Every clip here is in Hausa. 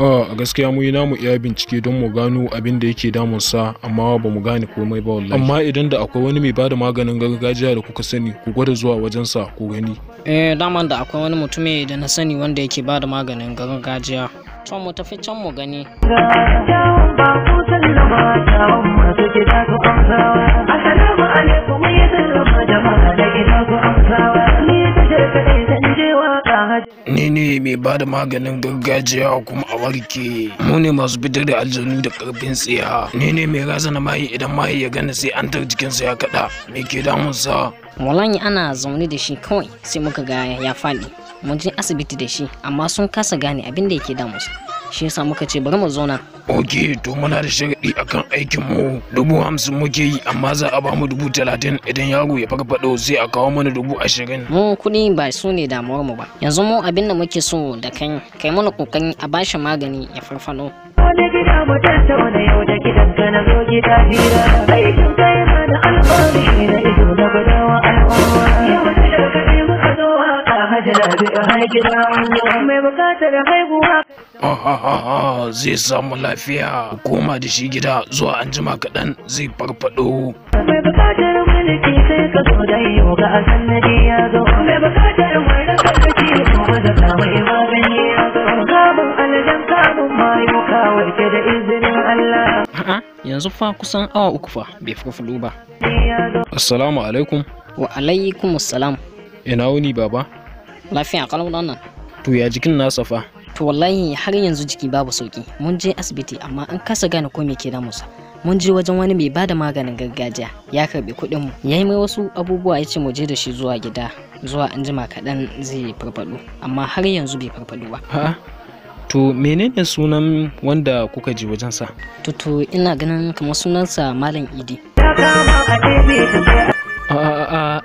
Ah, a gaskiya mu yi namu iya bincike don mu gano abin da yake damun sa amma ba mu gane komai ba wallahi amma idan da akwai wani mai bada maganin gargajiya da kuka sani ku gwada zuwa wajen sa ku gani eh daman da akwai wani mutumi da na sani wanda yake bada maganin gargajiya to mu tafi can mu gani Assalamu alaikum ya zama jama'a da ku amsawa Ni ne mai ba da maganin gargajiya kuma a warke. Mu ne masu fitar da aljanu da karfin tsiya. Ni ne mai razana maye idan mahi ya gani sai an tar jikinsa ya kaɗa. Me ke damunsa? Wallahi ana zaune da shi kawai sai muka ga ya faɗi. Mun je asibiti da shi amma sun kasa gane abin da yake su. shi yasa muka ce bari mu zauna ok to muna da sharaɗi akan aikin mu dubu hamsin muke yi amma za a bamu dubu talatin idan yaro ya farfaɗo sai a kawo mana dubu ashirin mu kuɗi ba su ne damuwar mu ba yanzu mu abin da muke so da kan kai mana kokarin a bashi magani ya farfado wani gida mu tattauna yau da gidan ka na zo gida hira aikin kai mana alfahari na ido da gudawa Ah, zai samu lafiya koma da shi gida zuwa anjima kaɗan zai farfado yanzu fa kusan awa uku fa bai farfado ba assalamu alaikum wa alaikum assalam ina wuni baba Lafiya kalmar nan. To ya jikin na safa To wallahi har yanzu jiki babu sauki. Mun je asibiti amma an kasa gane ko me ke musa Mun je wajen wani mai bada maganin gargajiya ya karbi kuɗin mu. Yayi mai wasu abubuwa ya ce mu je da shi zuwa gida. Zuwa an jima kaɗan zai farfaɗo amma har yanzu bai farfaɗo ba. Ha? To menene sunan wanda kuka ji wajensa? To to ina ganin kamar sunansa Malam Idi.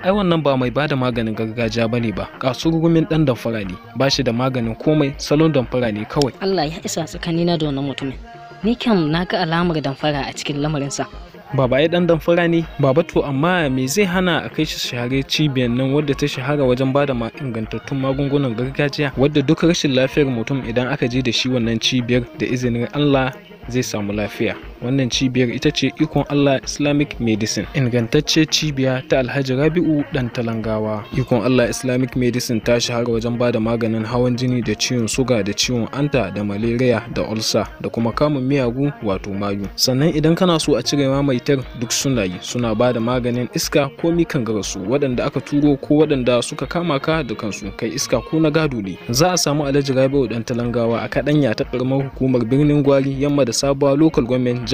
ai wannan ba mai bada maganin gargajiya bane ba kasu kasurgumin dan damfara ne ba shi da maganin komai salon damfara ne kawai Allah ya isa tsakanina da wannan mutumin ni kam na ga alamar damfara a cikin lamarinsa baba ya dan damfara ne baba to amma me zai hana a kai shi shahare cibiyar nan wadda ta shahara wajen ba da ingantattun magungunan gargajiya wadda duk rashin lafiyar mutum idan aka je da shi wannan cibiyar da izinin Allah zai samu lafiya wannan cibiyar ita ce ikon allah islamic medicine ingantacce cibiya ta alhaji rabi'u dan talangawa ikon allah islamic medicine ta shahara wajen bada maganin hawan jini da ciwon suga da ciwon anta da malaria da ulsa da kuma kamun miyagu wato mayu sannan idan kana so a cire ma maitar duk suna yi suna bada maganin iska ko mikan garasu waɗanda aka turo ko waɗanda suka kama ka da kansu kai iska ko na gado ne za a samu alhaji rabi'u dan talangawa a kaɗanya ta ƙaramar hukumar birnin gwari yamma da sabuwa local government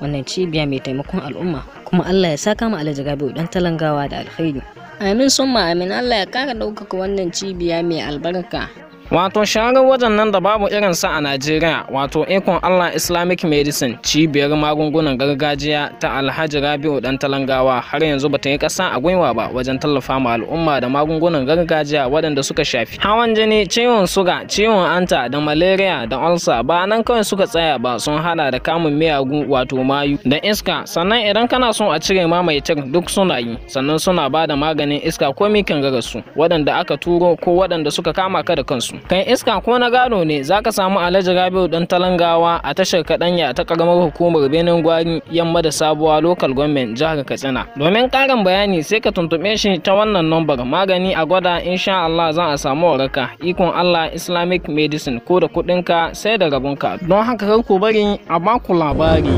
wannan cibiya mai taimakon al'umma kuma Allah ya saka mu Alhaji gabi dan talangawa da alkhairi amin ma amin Allah ya kara ɗaukaka wannan cibiya mai albarka wato shahararren wajen nan da babu irin irinsa a najeriya wato ikon allah islamic medicine cibiyar magungunan gargajiya ta alhaji rabiu dan talangawa har yanzu bata yi kasa a gwiwa ba wajen tallafa ma al'umma da magungunan gargajiya waɗanda suka shafi hawan jini ciwon suga ciwon anta da malaria da ulcer ba nan kawai suka tsaya ba sun hada da kamun miyagu wato mayu da iska sannan idan kana son a cire ma mai duk suna yi sannan suna ba da maganin iska ko mikin gagasu waɗanda aka turo ko waɗanda suka kama ka da kansu Kan iska ko na gano ne za ka samu alhaji rabiu dan talangawa a tashar kaɗanya ta karamar hukumar benin gwari yamma da sabuwa local government jihar katsina domin ƙarin bayani sai ka tuntuɓe shi ta wannan nambar magani a gwada insha allah za a samu waraka ikon allah islamic medicine ko da kuɗinka sai da ka don haka kar ku bari a baku labari